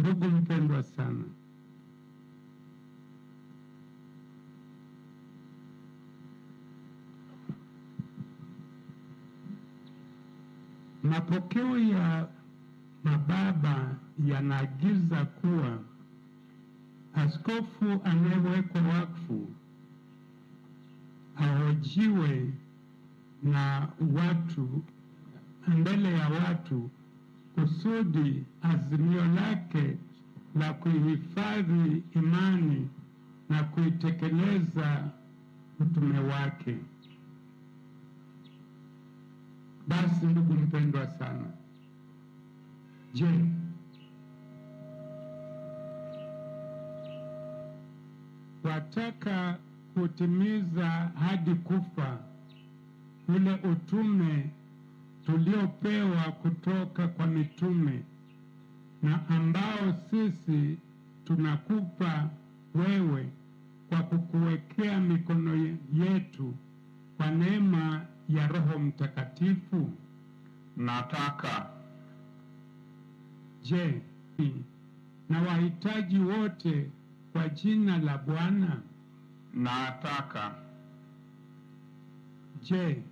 Ndugu mpendwa sana, mapokeo ya mababa yanaagiza kuwa askofu anayewekwa wakfu ahojiwe na watu mbele ya watu kusudi azimio lake la kuihifadhi imani na kuitekeleza utume wake. Basi ndugu mpendwa sana, je, wataka kutimiza hadi kufa ule utume tuliopewa kutoka kwa mitume na ambao sisi tunakupa wewe kwa kukuwekea mikono yetu kwa neema ya Roho Mtakatifu. Nataka je, na wahitaji wote kwa jina la Bwana. Nataka je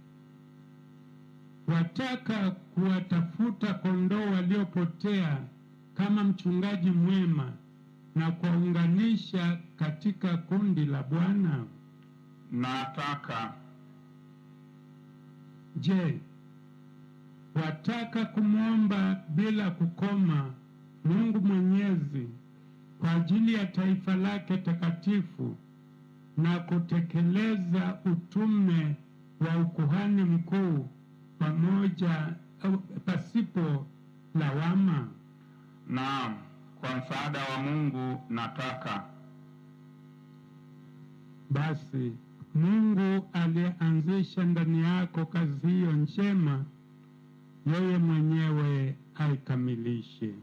wataka kuwatafuta kondoo waliopotea kama mchungaji mwema na kuwaunganisha katika kundi la Bwana? Nataka. Je, wataka kumwomba bila kukoma Mungu Mwenyezi kwa ajili ya taifa lake takatifu na kutekeleza utume wa ukuhani mkuu pamoja pasipo lawama. Naam, kwa msaada wa Mungu nataka basi. Mungu aliyeanzisha ndani yako kazi hiyo njema, yeye mwenyewe aikamilishe.